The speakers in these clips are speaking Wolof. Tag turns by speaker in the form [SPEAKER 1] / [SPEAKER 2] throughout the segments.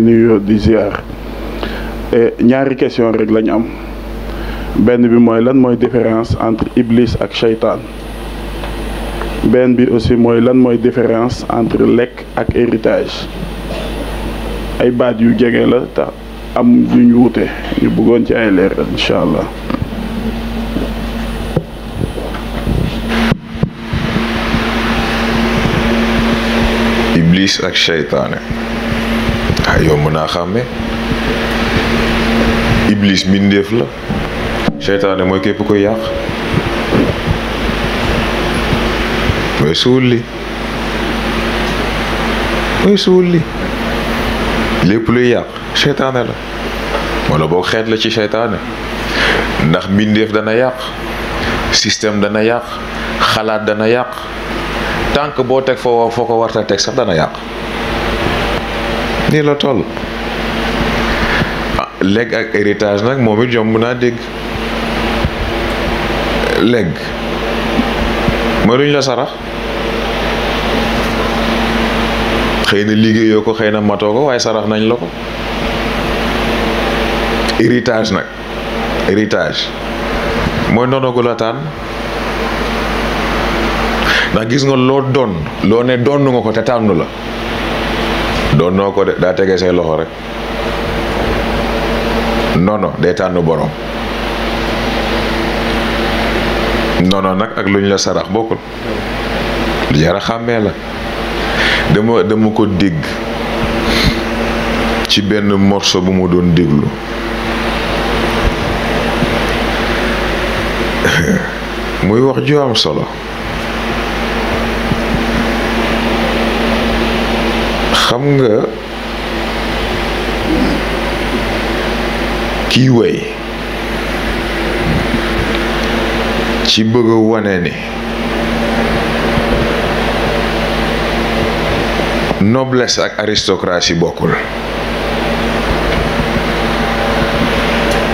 [SPEAKER 1] ngi di ziar ñaari question rek lañu am benn bi mooy lan mooy différence entre iblis ak seytaan benn bi aussi mooy lan mooy différence entre lekk ak héritage ay baat yu jege la tax am yu ñu yu ñu bëggoon ci ay leeral incha allah. iblis ak seytaane ah yomb naa xàmme iblis mbindeef la seytaane mooy képp koy yàq mooy suul li mooy suul li lépp luy yàq seytaane la wala boo xeet la ci seytaane ndax mbindeef dana yàq système dana yàq xalaat dana yàq tànk boo teg foo foo ko warta teg sax dana yàq nii la toll ah, legs ak héritage nag moom it yomb naa dégg legs mooy lu ñu la sarax xëy na liggéeyoo ko xëy na matoo ko waaye sarax nañ la ko héritage nag héritage mooy ndono gu taan ndax gis nga loo doon loo ne doon nga ko te tànnu la lool noo ko de daa tege say loxo rek nono day tànn borom nono nag ak lu ñu la sarax bokkul lu jara xàmmee la dama dama ko dégg ci benn morceau bu mu doon déglu muy wax ju am solo xam nga kiy wéy ci bëgg a wane ni noblesse ak aristocratie bokkul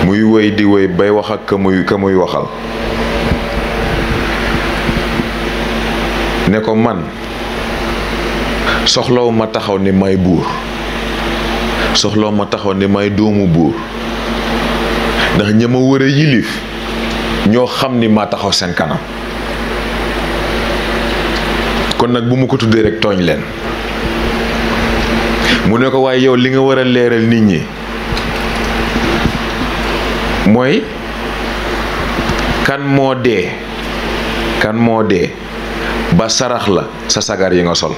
[SPEAKER 1] muy woy di woy bay wax ak ka muy ka muy waxal ne ko man soxlaw ma taxaw ni may buur soxlaw ma taxaw ni may doomu buur ndax ña ma war a yilif ñoo xam ni ma taxaw seen kanam kon nag bu mu ko tuddee rek tooñ leen mu ne ko waaye yow li nga war a leeral nit ñi mooy kan moo dee kan moo dee ba sarax la sa sagar yi nga sol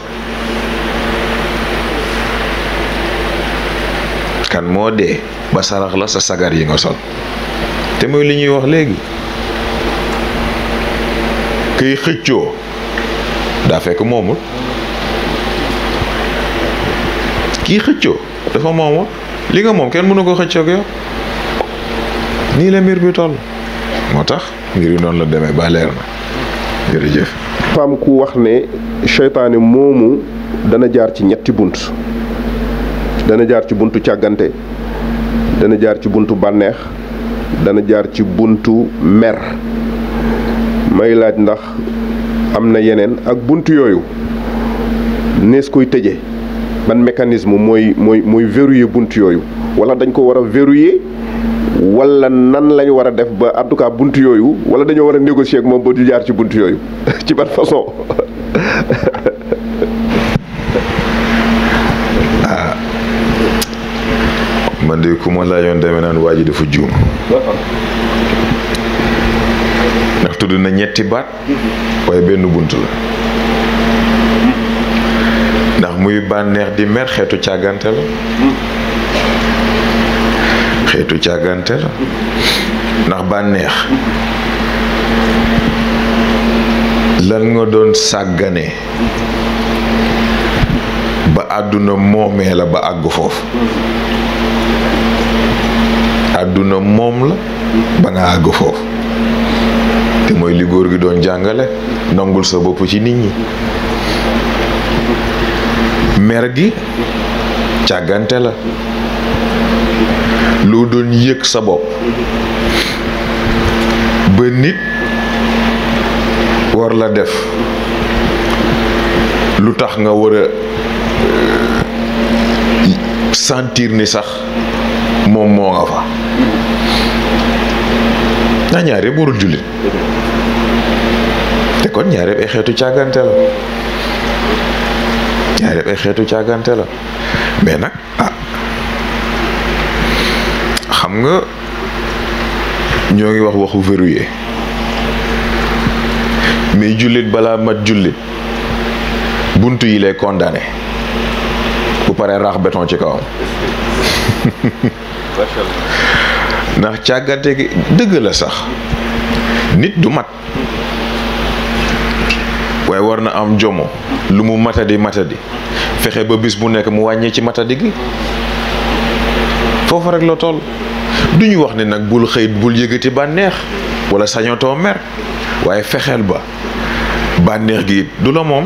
[SPEAKER 1] kan mo dee ba sarax la sa sagar yi nga sol te muy li ñuy wax léegi kiy xëccoo daa fekk moomul kii xëccoo dafa moomul li nga moom deme mënu ko xëccoog yow nii la bi toll ngir la ba na jërëjëf. ku wax ne seytaane momu dana jaar ci ñetti dana jaar ci buntu càggante dana jaar ci buntu bànneex dana jaar ci buntu mer may laaj ndax am na yeneen ak buntu yooyu nees koy tëje ban mécanisme mooy mooy mooy verrouiller buntu yooyu wala dañ ko war a verrouiller wala nan lañ war a def ba en tout cas buntu yooyu wala dañoo war a négocier ak moom ba du jaar ci buntu yooyu ci ban façon man de ku ma laajoon demee naan waa dafa juum ndax tudd na ñetti baat waaye benn bunt la ndax muy bànneex di mer xeetu càggante la xeetu càggante la ndax bànneex lan nga doon sàggane ba àdduna moomee la ba àgg foofu àdduna moom la ba nga àgg foofu te mooy li góor gi doon jàngale nangul sa bopp ci nit ñi mer gi càggante la loo doon yëg sa ba nit war la def lu nga war euh, sentir ni sax nga fa pourtant ñaar yëpp warul jullit te kon ñaar yëpp ay xeetu càggante la ñaar xeetu càggante la mais nag ah xam nga ñoo ngi wax waxu verrouillé mais jullit balaa mat jullit bunt yi lay condamné bu paree raax béton ci kawam. ndax càggate gi dëgg la sax nit du mat waaye war na am jomo lu mu matadi matadi fexe ba bis bu nekk mu wàññee ci matadi gi foofu rek la tool du wax ne nag bul xëyit bul yëgati bànneex wala sañotoo mer waaye fexeel ba bànneex gi du la moom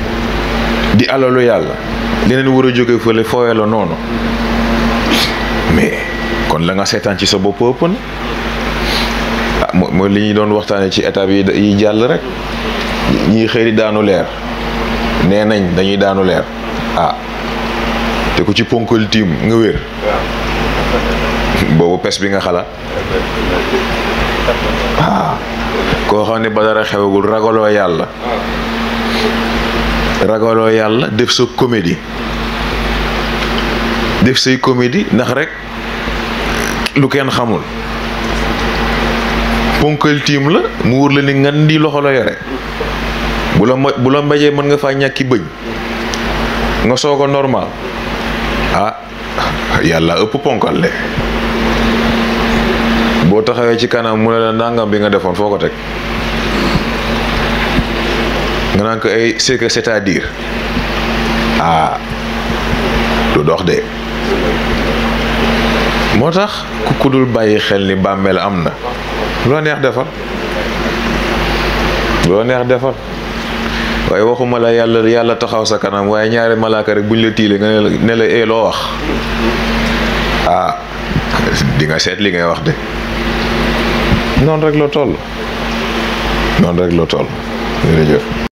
[SPEAKER 1] di alalu yàlla leneen war a jóge fële fooye la noonu mais kon la nga seetaan ci sa bopp ëpp na ah mooy li ñuy doon waxtaane ci étape yi yi jàll rek ñiy xëy daanu leer nee nañ dañuy daanu leer ah te ku ci ponkal tiim nga wér boobu pes bi nga xalaat ah koo xam ne ba dara xewagul ragaloo yàlla ragaloo yàlla def sa comédie def say comédie ndax rek lu kenn xamul ponkal tim la mu wóor la ni di loxo la yore bu la bu la mbajee normal ah yalla upu ponkal le botak taxawee ci kanam mu ne la nangam bi nga nga naan ay c'est que cest ah lu dox de moo tax ku kudul bàyyi xel ni bàmmeel am na loo neex defal loo neex defal waaye waxuma la yàlla yàlla taxaw sa kanam waaye ñaari malaaka rek buñ la tiile nga ne la ee eh, loo wax ah di nga seet li ngay wax de noonu rek la toll noonu rek la toll